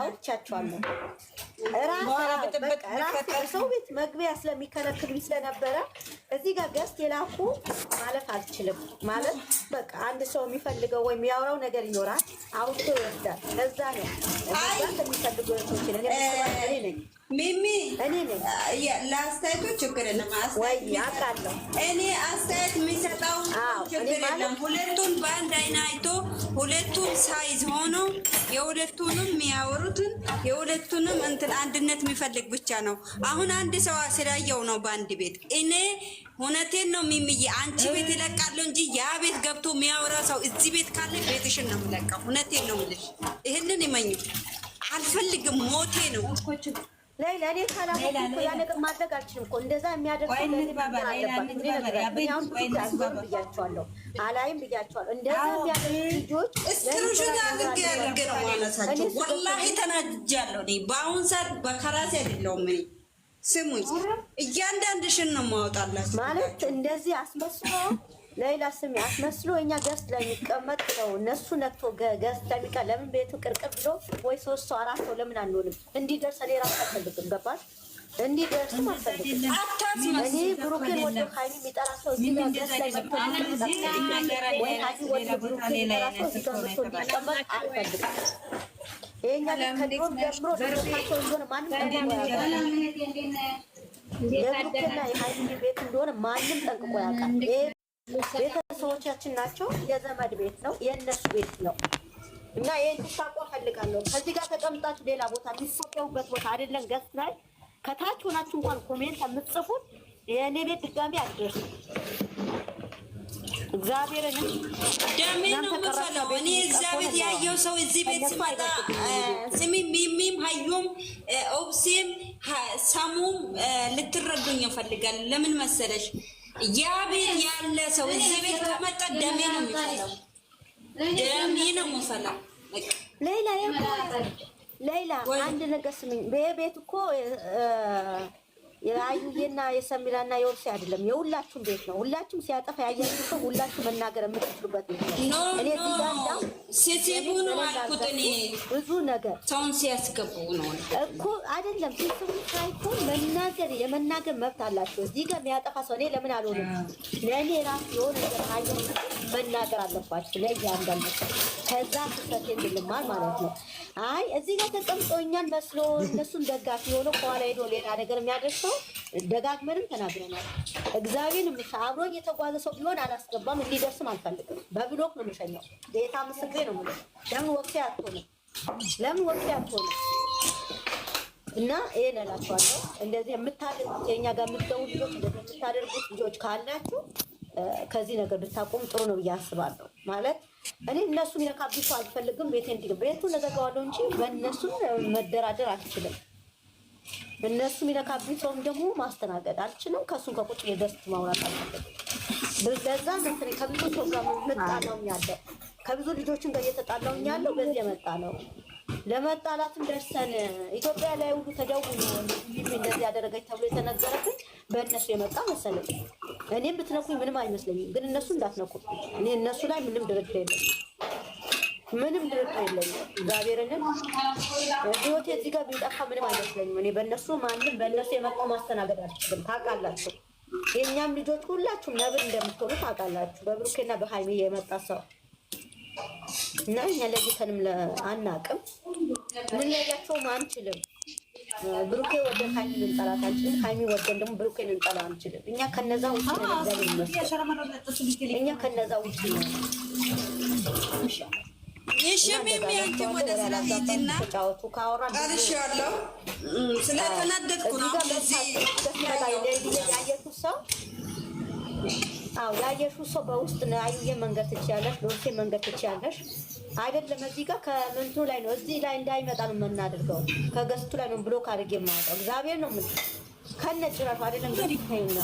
አውቻቸዋለሁ። ሰው ቤት መግቢያ ስለሚከለክሉኝ ስለነበረ እዚህ ጋር ገዝት የላኩ ማለፍ አልችልም። ማለት በቃ አንድ ሰው የሚፈልገው ወይም ያወራው ነገር ይኖራል፣ አውቶ ይወስዳል። እዛ ነው የሚፈልገው ሰዎችን ነኝ ሚሚ ለአስተያየቱ ችግር የለም። እኔ አስተያየት የሚሰጠው ችግር የለም። ሁለቱን በአንድ አይን አይቶ ሁለቱን ሳይዝ ሆኖ የሁለቱንም የሚያወሩትን የሁለቱንም እንትን አንድነት የሚፈልግ ብቻ ነው። አሁን አንድ ሰው ስላየው ነው በአንድ ቤት እኔ እውነቴን ነው ሚሚዬ፣ አንቺ ቤት ይለቃለሁ እንጂ ያ ቤት ገብቶ የሚያወራ ሰው እዚህ ቤት ካለ ቤትሽን ነው የምለቀው። እውነቴን ነው የምልሽ። ይህንን ይመኙ አልፈልግም። ሞቴ ነው ሌላ እኔ ካላመኩ ያ ነገር ማድረግ አልችልም እኮ እንደዛ የሚያደርግ ብያቸዋለሁ፣ አላይም ብያቸዋለሁ። እንደዛ የሚያደርግ ልጆች እስክሪንሾት ስሙኝ፣ እያንዳንድሽን ነው ማወጣላችሁ ማለት እንደዚህ አስመስሎ ሌላ ስም አስመስሎ እኛ ገስት ለሚቀመጥ ነው እነሱ ነቶ ገስት ለሚቀ ለምን ቤቱ ቅርቅር ብሎ ወይ ሶስት ሰው አራት ሰው ለምን አንሆንም? እንዲደርስ እኔ ራሱ አልፈልግም። ገባል እንዲደርስም አልፈልግም። እኔ ብሩኬን ወደ ሀይሚ የሚጠራ ሰው እዚህ ገዝት ላይ መጥቶ ወይ ሀይሚ ወደ ብሩኬን የሚጠራ ሰው እዚህ ገዝቶ እንዲቀመጥ አልፈልግም። ይሄኛ ከድሮም ጀምሮ ሰው ሆነ ማንም የብሩኬና የሀይሚ ቤት እንደሆነ ማንም ጠንቅቆ ያውቃል። ቤተሰቦቻችን ናቸው። የዘመድ ቤት ነው፣ የእነሱ ቤት ነው እና ይህን ፈልጋለሁ። ከዚህ ጋር ተቀምጣችሁ ሌላ ቦታ የሚሰቀውበት ቦታ አይደለም። ገስ ላይ ከታች ሆናችሁ እንኳን ኮሜንት የምትጽፉት የእኔ ቤት ድጋሚ አድርሱ። እግዚአብሔርን ደሜ ነው የምፈለው እኔ ቤት ያየው ሰው እዚህ ቤት ሚሚም ሀዩም ኦብሴም ልትረዱኝ ይፈልጋል። ለምን መሰለሽ ያ ቤት ያለ ሰው እዚህ ቤት ከመጣ ደሜ ነው የሚፈላው፣ ደሜ ነው የሚፈላው። ሌላ ሌላ አንድ ነገር ስምኝ፣ በቤት እኮ የአዩዬና የሰሚራና የወርሲ አይደለም፣ የሁላችሁም ቤት ነው። ሁላችሁም ሲያጠፋ ያያችሁ ሰው ሁላችሁ መናገር የምትችሉበት ነው ብዙ ነገር ሰውን ሲያስገቡ ነው እኮ አይደለም። ሲሰሙ ሳይኮ መናገር የመናገር መብት አላቸው። እዚህ ጋር የሚያጠፋ ሰው እኔ ለምን አልሆንም? ለእኔ ራሱ የሆነ ነገር መናገር አለባቸው። ለእያንዳንዱ ከዛ ፍሰት የምልማል ማለት ነው። አይ እዚህ ጋር ተቀምጦኛል መስሎ እነሱን ደጋፊ የሆነ ከኋላ ሄዶ ሌላ ነገር የሚያደርሰው ሰው ደጋግመንም ተናግረናል። እግዚአብሔር አብሮ እየተጓዘ ሰው ቢሆን አላስገባም፣ እንዲደርስም አልፈልግም። በብሎክ ነው የምሸኘው። ቤታ ምስክሬ ነው። ለምን ወቅቴ አትሆንም? ለምን ወቅቴ አትሆንም? እና ይሄን እላችኋለሁ። እንደዚህ የምታደርጉት የኛ ጋር የምትገቡ ልጆች፣ እንደዚህ የምታደርጉት ልጆች ካላችሁ ከዚህ ነገር ብታቆም ጥሩ ነው ብዬ አስባለሁ። ማለት እኔ እነሱ የሚነካብሱ አልፈልግም። ቤቴ እንዲ ቤቱ እዘጋዋለሁ እንጂ በእነሱ መደራደር አልችልም። እነሱ የሚለካብኝ ሰውም ደግሞ ማስተናገድ አልችልም። ከእሱም ከቁጭ የደስት ማውራት አለበት። ለዛ ዘንትን ከብዙ ሰው ጋር መጣለውኝ ያለው ከብዙ ልጆችን ጋር እየተጣለውኝ ያለው በዚህ የመጣ ነው። ለመጣላትም ደርሰን ኢትዮጵያ ላይ ሁሉ ተደውሎ እንደዚህ ያደረገች ተብሎ የተነገረብኝ በእነሱ የመጣ መሰለኝ። እኔም ብትነኩኝ ምንም አይመስለኝም፣ ግን እነሱ እንዳትነኩ። እኔ እነሱ ላይ ምንም ድርድር የለም። ምንም ድርቅ የለኝም። እግዚአብሔርን ህይወቴ እዚህ ጋር ቢጠፋ ምንም አይመስለኝም። እኔ በእነሱ ማንም በእነሱ የመጣው ማስተናገድ አልችልም። ታውቃላችሁ፣ የእኛም ልጆች ሁላችሁም ነብር እንደምትሆኑ ታውቃላችሁ። በብሩኬና በሀይሚ የመጣ ሰው እና እኛ ለይተንም አናቅም፣ ልንለያቸውም አንችልም። ብሩኬ ወደ ሀይሚ ልንጠላት አንችልም። ሀይሚ ወደን ደግሞ ብሩኬ ልንጠላ አንችልም። እኛ ከነዛ ውጭ እኛ ከነዛ ውጭ አዎ ያየሽው ሰው በውስጥ አዩዬ መንገድ ትችያለሽ፣ ዶርሴ መንገድ ትችያለሽ። አይደለም እዚህ ጋር ከምንቱ ላይ ነው፣ እዚህ ላይ እንዳይመጣ ነው የምናደርገው። ከገስቱ ላይ ነው ብሎክ አድርጌ የማወጣው። እግዚአብሔር ነው ምን ከነ ጭራሹ አይደለም። ይሄና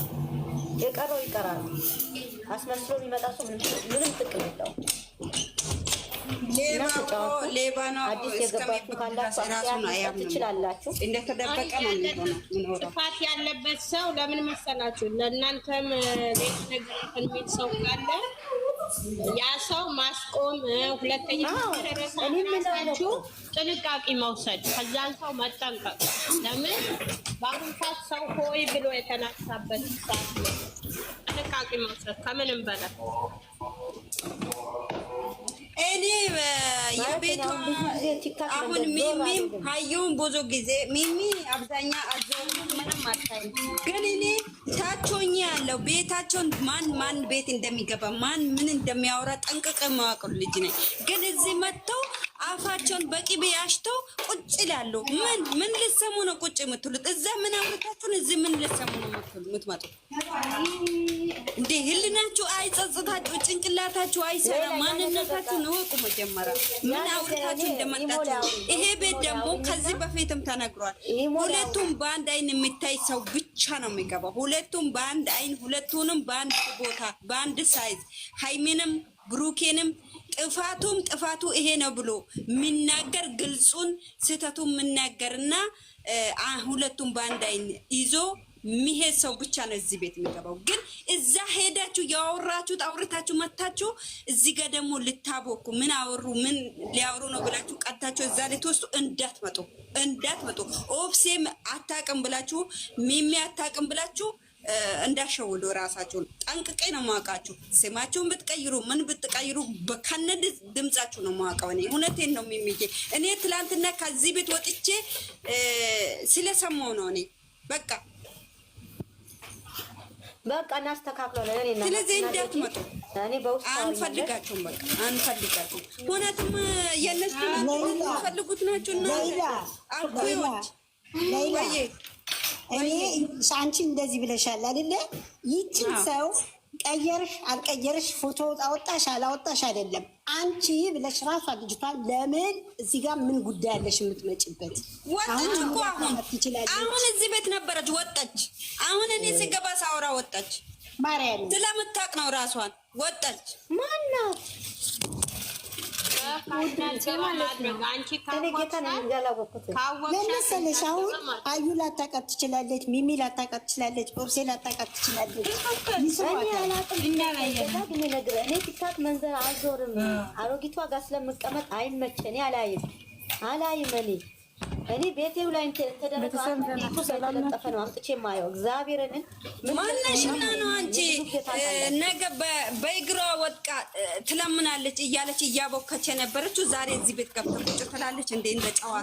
የቀረው ይቀራል። አስመስሎ የሚመጣ ሰው ምንም ጥቅም የለውም። አዲስ የገባችሁ ካላችሁ ትችላላችሁ። እንደተደበቀ ጥፋት ያለበት ሰው ለምን መሰላችሁ? ለእናንተም ቤት ነገር የሚል ሰው ካለ ያ ሰው ማስቆም፣ ሁለተኛ ጥንቃቄ መውሰድ፣ ከዛን ሰው መጠንቀቅ። ለምን በአሁኑ ሰዓት ሰው ሆይ ብሎ የተነሳበት ጥንቃቄ መውሰድ ከምንም በላይ እኔ የቤቷ አሁን ሚሚም ሀየውን ብዙ ጊዜ ሚሚ አብዛኛ አዞ ምንም አታይም፣ ግን እኔ ታቾኝ ያለው ቤታቸውን ማን ማን ቤት እንደሚገባ ማን ምን እንደሚያወራ ጠንቅቀ የማውቀው ልጅ ነኝ። ግን እዚህ መጥተው አፋቸውን በቅቤ አሽተው ቁጭ ይላሉ። ምን ምን ልትሰሙ ነው ቁጭ የምትሉት? እዛ ምን አምርታችሁን እዚህ ምን ልትሰሙ ነው የምትመጡ? እንደ ህልናችሁ አይጸጽታችሁ፣ ጭንቅላታችሁ አይሰራ። ማንነታችሁን እወቁ መጀመሪያ። ምን አውርታችሁ እንደመጣችሁ። ይሄ ቤት ደግሞ ከዚህ በፊትም ተነግሯል። ሁለቱም በአንድ አይን የሚታይ ሰው ብቻ ነው የሚገባው። ሁለቱም በአንድ አይን፣ ሁለቱንም በአንድ ቦታ፣ በአንድ ሳይዝ ሀይሜንም ብሩኬንም ጥፋቱም ጥፋቱ ይሄ ነው ብሎ የሚናገር ግልጹን ስህተቱን የምናገርና ሁለቱም በአንድ አይን ይዞ የሚሄድ ሰው ብቻ ነው እዚህ ቤት የሚገባው። ግን እዛ ሄዳችሁ ያወራችሁት አውርታችሁ መታችሁ፣ እዚህ ጋር ደግሞ ልታቦኩ ምን አወሩ ምን ሊያወሩ ነው ብላችሁ ቀጥታችሁ እዛ ልትወስዱ እንዳትመጡ እንዳትመጡ። ኦፍሴም አታቅም ብላችሁ ሚሚ አታቅም ብላችሁ እንዳሸውዶ ራሳቸውን ጠንቅቄ ነው ማውቃችሁ። ስማችሁን ብትቀይሩ ምን ብትቀይሩ ከነ ድምጻችሁ ነው ማውቀው። እኔ እውነቴን ነው የሚሚጌ እኔ ትላንትና ከዚህ ቤት ወጥቼ ስለሰማው ነው እኔ በቃ በቃ እናስተካክላለን። ስለዚህ እንዳትመጡ አንፈልጋችሁም፣ በቃ አንፈልጋችሁም። እውነትም የእነሱ ፈልጉት ናቸው እና አኩዎች እኔ አንቺ እንደዚህ ብለሻል አይደለ? ይችን ሰው ቀየርሽ አልቀየርሽ፣ ፎቶ አወጣሽ አላወጣሽ አይደለም አንቺ ብለሽ ራሷ ልጅቷን ለምን እዚህ ጋር ምን ጉዳይ አለሽ የምትመጭበት? ወጣች እኮ አሁን አሁን እዚህ ቤት ነበረች፣ ወጣች። አሁን እኔ ስገባ ሳውራ ወጣች። ማርያም ስለምታቅ ነው ራሷን ወጣች። ማናት መሰለሽ አሁን አዩ ላታውቃት ትችላለች፣ ሚሚ ላታውቃት ትችላለች፣ ኦብሴ ላታውቃት ትችላለች። ቲክታክ መንዘር አልዞርም። አሮጊቷ ጋር ስለምቀመጥ አይመቸኝ፣ አላይም አላይም እኔ እኔ ቤቴው ላይ ተደረገ ስለተለጠፈ ነው አምጥቼ የማየው። እግዚአብሔርን ማነሽና ነው አንቺ ነገ በእግሯ ወድቃ ትለምናለች እያለች እያቦከች የነበረችው ዛሬ እዚህ ቤት ገብታ ቁጭ ትላለች። እንደ እንደ ጨዋ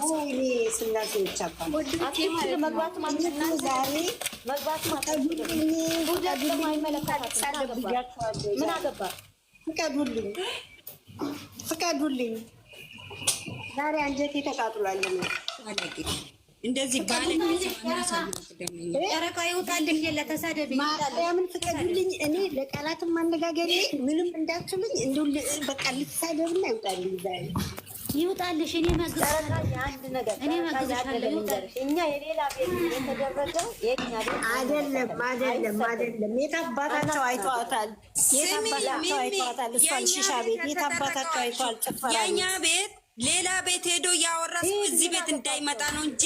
ፍቀዱልኝ ዛሬ አንጀቴ ተቃጥሏል። እንደዚህ ባለጨረቃ ማርያምን ፍቀዱልኝ። እኔ ለቃላትም ማነጋገር ምንም እንዳትሉኝ እንዲሁ በቃ ልትሳደብና ይውጣልኝ ዛሬ ይውጣልሽ። እኔ መግዛለሁ። እኛ የሌላ ቤት የተደረገው ሌላ ቤት ሄዶ ያወራ ሰው እዚህ ቤት እንዳይመጣ ነው እንጂ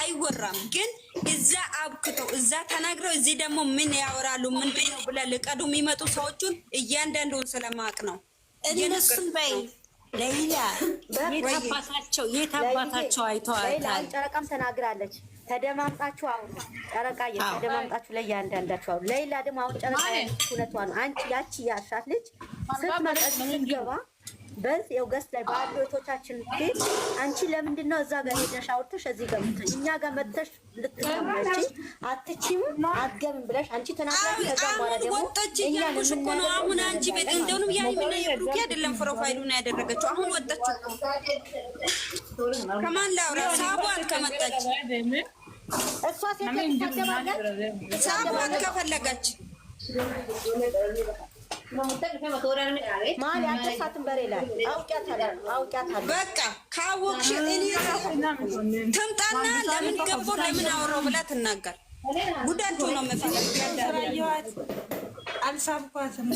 አይወራም። ግን እዛ አብክቶ እዛ ተናግረው እዚህ ደግሞ ምን ያወራሉ? ምን ነው ብለ ልቀዱ የሚመጡ ሰዎቹን እያንዳንዱን ስለማቅ ነው እነሱን በይ ለይላ የታባታቸው የታባታቸው አይተዋታል። ጨረቃም ተናግራለች። ተደማምጣችሁ አሁን ጨረቃ የ ተደማምጣችሁ ላይ ያንዳንዳችሁ አሁን ለይላ ደግሞ አሁን ጨረቃ ሁነቷ ነው አንቺ ያቺ ያሻት ልጅ ስትመጣ ስትገባ በዚህ ያው ገስ ላይ ባሉ እህቶቻችን ቤት አንቺ ለምንድን ነው እዛ ጋር ሄደሽ አውርተሽ እዚህ ጋር መጥተሽ እኛ ጋር መጥተሽ ልትቀመጪ አትችም አትገምም ብለሽ አንቺ ተናግራችሁ ከዛ በኋላ ደግሞ እኛ ለምን ነው አሁን አንቺ ቤት እንደውንም እንደውም የሀይሚና የብሩኬ አይደለም ነው ያደረገችው አሁን ወጣች እኮ ከማን ላውራ ሳቧል ከመጣች እሷ ሴት ልትሳደባለች ሳቡ አልከፈለጋች ማን ያልተሳትን በሬ በቃ ካወቅሽ ትምጣና ለምን ገቡ ለምን አወራው ብላ ትናገር። ጉዳቸው ነው አልሳብኳትም።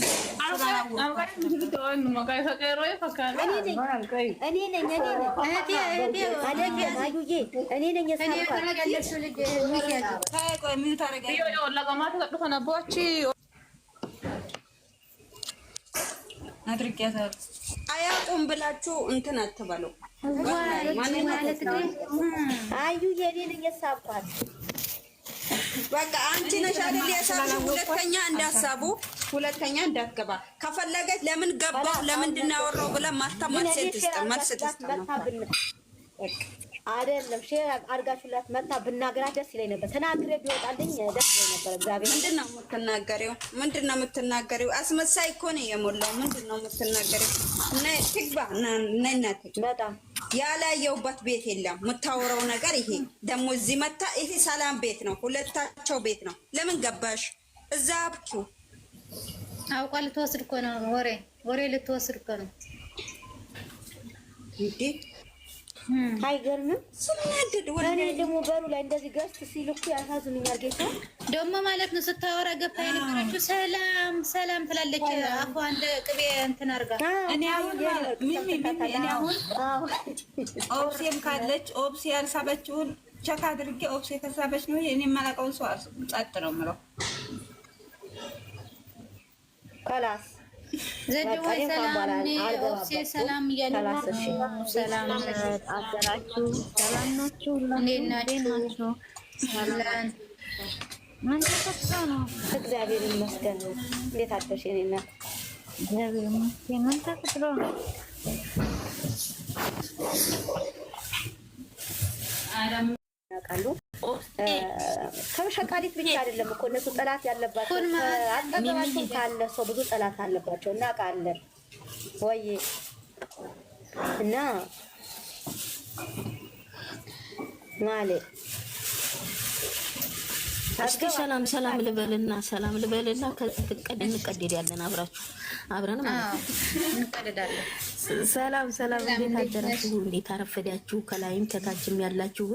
አድርጊያታለሁ። አያውቁም ብላችሁ እንትን አትበሉ። አዩ የኔን እየሳባል በቃ አንቺ ነሽ አይደል ያሳቡ። ሁለተኛ እንዳሳቡ ሁለተኛ እንዳትገባ ከፈለገች ለምን ገባው ለምንድን ነው ያወራው ብለን ማታማት ሴት ውስጥ መልስ አይደለም ሼር አድርጋችሁላት መጣ ብናገራት ደስ ይለኝ ነበር። ተናግሬ ቢወጣልኝ ደስ ይለኝ ነበር። እግዚአብሔር ምንድን ነው የምትናገሪው? ምንድን ነው የምትናገሪው? አስመሳይ እኮ ነው የሞላው። ምንድን ነው የምትናገሪው? ትግባ ነይ ነነት በጣም ያላየውበት ቤት የለም። የምታወራው ነገር ይሄ ደግሞ እዚህ መታ ይሄ ሰላም ቤት ነው፣ ሁለታቸው ቤት ነው። ለምን ገባሽ እዛ? አብኪው አውቃ ልትወስድ እኮ ነው። ወሬ ወሬ ልትወስድ እኮ ነው እንዴ አይገርምም? ስናደድ እኔ ደግሞ በሩ ላይ እንደዚህ ገዝት ሲል እኮ ያሳዝኑኛል። ጌታ ደግሞ ማለት ነው ስታወራ ገባ የነበረችው ሰላም ሰላም ትላለች። አፎ አንድ ቅቤ እንትን አድርጋ እኔ አሁን ኦብሴም ካለች ኦብሴ ያልሳበችውን ቸካ አድርጌ ኦብሴ ከሳበች ነው እኔ የማላውቀውን ሰው ጸጥ ነው የምለው ከላስ ሰላም አደራችሁ። ሰላም ናችሁ? ምን ተፈጥሮ ነው? እግዚአብሔር ይመስገን። እንዴት አደርሽ? የእኔ እናት እግዚአብሔር ይመስገን። ምን ተፈጥሮ ነው? ይመጣሉ። ከሸቃሊት ብቻ አይደለም እኮ እነሱ ጠላት ያለባቸው አጠገባቸው ካለ ሰው ብዙ ጠላት አለባቸው እና ቃለን ወይ እና ማለት እስኪ ሰላም ሰላም ልበልና ሰላም ልበልና ከዚህ እንቀደድ እንቀደድ ያለን አብራችሁ አብረን ማለት ነው እንቀደዳለን። ሰላም ሰላም፣ እንዴት አደራችሁ? እንዴት አረፈዳችሁ? ከላይም ከታችም ያላችሁ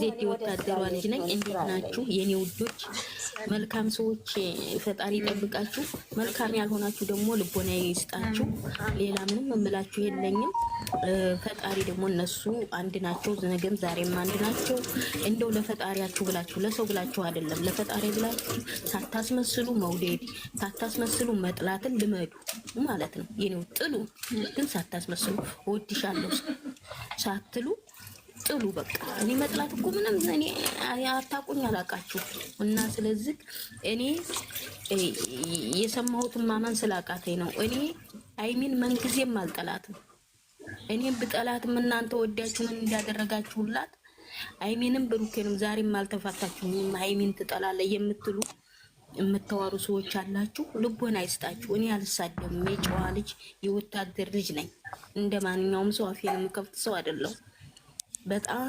ዜት የወታደሯ ልጅ ነኝ። እንዴት ናችሁ የኔ ውዶች? መልካም ሰዎች ፈጣሪ ጠብቃችሁ መልካም ያልሆናችሁ ደግሞ ልቦና ይስጣችሁ። ሌላ ምንም እምላችሁ የለኝም። ፈጣሪ ደግሞ እነሱ አንድ ናቸው፣ ነገም ዛሬም አንድ ናቸው። እንደው ለፈጣሪያችሁ ብላችሁ ለሰው ብላችሁ አይደለም፣ ለፈጣሪ ብላችሁ ሳታስመስሉ መውደድ ሳታስመስሉ መጥላትን ልመዱ ማለት ነው። የኔው ጥሉ ግን ሳታስመስሉ እወድሻለሁ ሳትሉ ጥሉ። በቃ እኔ መጥላት እኮ ምንም እኔ አታውቁኝ አላውቃችሁ። እና ስለዚህ እኔ የሰማሁትን ማመን ስላቃተኝ ነው። እኔ አይሚን መንጊዜም አልጠላትም። እኔም ብጠላትም እናንተ ወዳችሁን እንዳደረጋችሁላት አይሚንም ብሩኬንም ዛሬም አልተፋታችሁም። አይሚን ትጠላለ የምትሉ የምታወሩ ሰዎች አላችሁ፣ ልቦና አይስጣችሁ። እኔ አልሳደም የጨዋ ልጅ የወታደር ልጅ ነኝ። እንደ ማንኛውም ሰው አፌን የምከፍት ሰው አይደለሁም። በጣም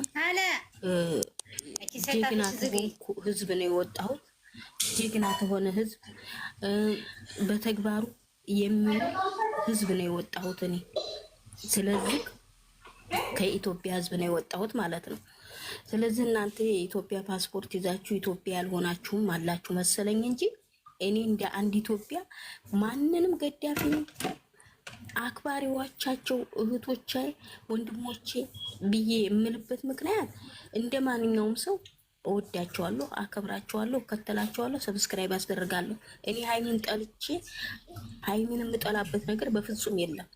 ጀግና ተሆንኩ ህዝብ ነው የወጣሁት። ጀግና ተሆነ ህዝብ በተግባሩ የሚሆን ህዝብ ነው የወጣሁት እኔ። ስለዚህ ከኢትዮጵያ ህዝብ ነው የወጣሁት ማለት ነው። ስለዚህ እናንተ የኢትዮጵያ ፓስፖርት ይዛችሁ ኢትዮጵያ ያልሆናችሁም አላችሁ መሰለኝ እንጂ እኔ እንደ አንድ ኢትዮጵያ ማንንም ገዳፊ አክባሪዎቻቸው እህቶቼ፣ ወንድሞቼ ብዬ የምልበት ምክንያት እንደ ማንኛውም ሰው እወዳቸዋለሁ፣ አከብራቸዋለሁ፣ እከተላቸዋለሁ፣ ሰብስክራይብ አስደርጋለሁ። እኔ ሀይሚን ጠልቼ ሀይሚን የምጠላበት ነገር በፍጹም የለም።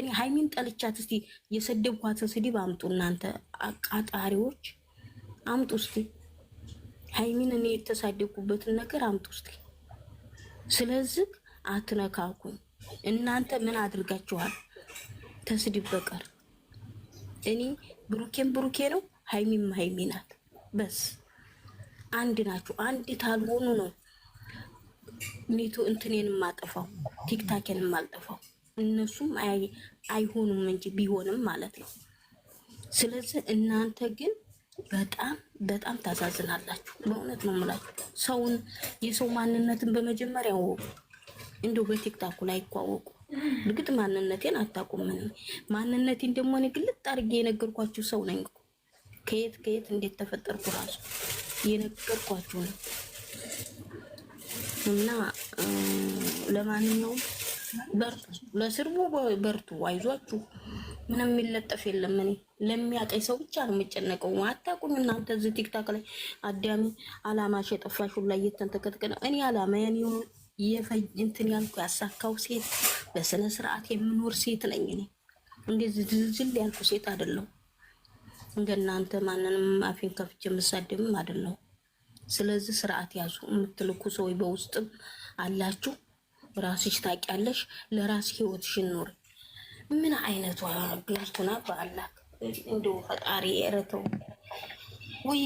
እኔ ሀይሚን ጠልቻት እስቲ የሰደብኳትን ስድብ አምጡ እናንተ አቃጣሪዎች። አምጡ እስቲ ሀይሚን እኔ የተሳደጉበትን ነገር አምጡ እስቲ። ስለዚህ አትነካኩኝ። እናንተ ምን አድርጋችኋል? ተስድብ በቀር እኔ ብሩኬን ብሩኬ ነው፣ ሀይሚም ሀይሚ ናት። በስ አንድ ናቸው አንድ ታልሆኑ ነው ኔቱ እንትኔን ማጠፋው ቲክታኬን ማልጠፋው እነሱም አይሆኑም እንጂ ቢሆንም ማለት ነው። ስለዚህ እናንተ ግን በጣም በጣም ታሳዝናላችሁ። በእውነት ነው የምላችሁ። ሰውን የሰው ማንነትን በመጀመሪያ ወቁ። እንደው በቲክታኩ ላይ ይኳወቁ። እርግጥ ማንነቴን አታውቁም። ማንነቴን ደግሞ እኔ ግልጥ አድርጌ የነገርኳችሁ ሰው ነኝ። ከየት ከየት እንዴት ተፈጠርኩ ራሱ የነገርኳችሁ ነው። እና ለማንኛውም በርቱ፣ ለስርቡ በርቱ፣ አይዟችሁ። ምንም የሚለጠፍ የለም እኔ ለሚያቀኝ ሰው ብቻ ነው የምጨነቀው። አታውቁም እናንተ እዚህ ቲክታክ ላይ አዳሚ አላማሽ የጠፋሹን ላይ የተንተከተከ ነው። እኔ አላማ ያን እንትን ያልኩ ያሳካው ሴት በስነ ስርዓት የምኖር ሴት ነኝ። እኔ እንደዚህ ዝልዝል ያልኩ ሴት አይደለሁ። እናንተ ማንንም አፌን ከፍቼ የምሳደብም አይደለሁ። ስለዚህ ስርዓት ያዙ። የምትልኩ ሰዎች በውስጥም አላችሁ። ራስሽ ታውቂያለሽ። ለራስ ህይወትሽን ኑሪ። ምን አይነቷ ብላችሁና በአላክ እንዶ ፈጣሪ እረተው። ውይ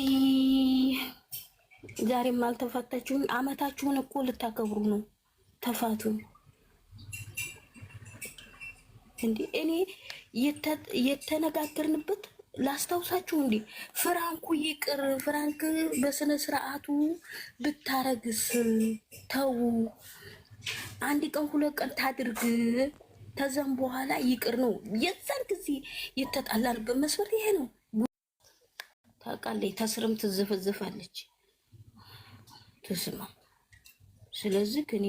ዛሬም አልተፋታችሁም። አመታችሁን እኮ ልታከብሩ ነው። ተፋቱ እንዴ! እኔ የተነጋገርንበት ላስታውሳችሁ እንዴ! ፍራንኩ ይቅር፣ ፍራንክ በስነ ስርዓቱ ብታረግስ። ተው አንድ ቀን ሁለት ቀን ታድርግ። ከዛም በኋላ ይቅር ነው። የዛን ጊዜ የተጣላንበት መስፈርት ይሄ ነው። ታውቃለች፣ ተስርም ትዝፈዝፋለች ትስማ። ስለዚህ እኔ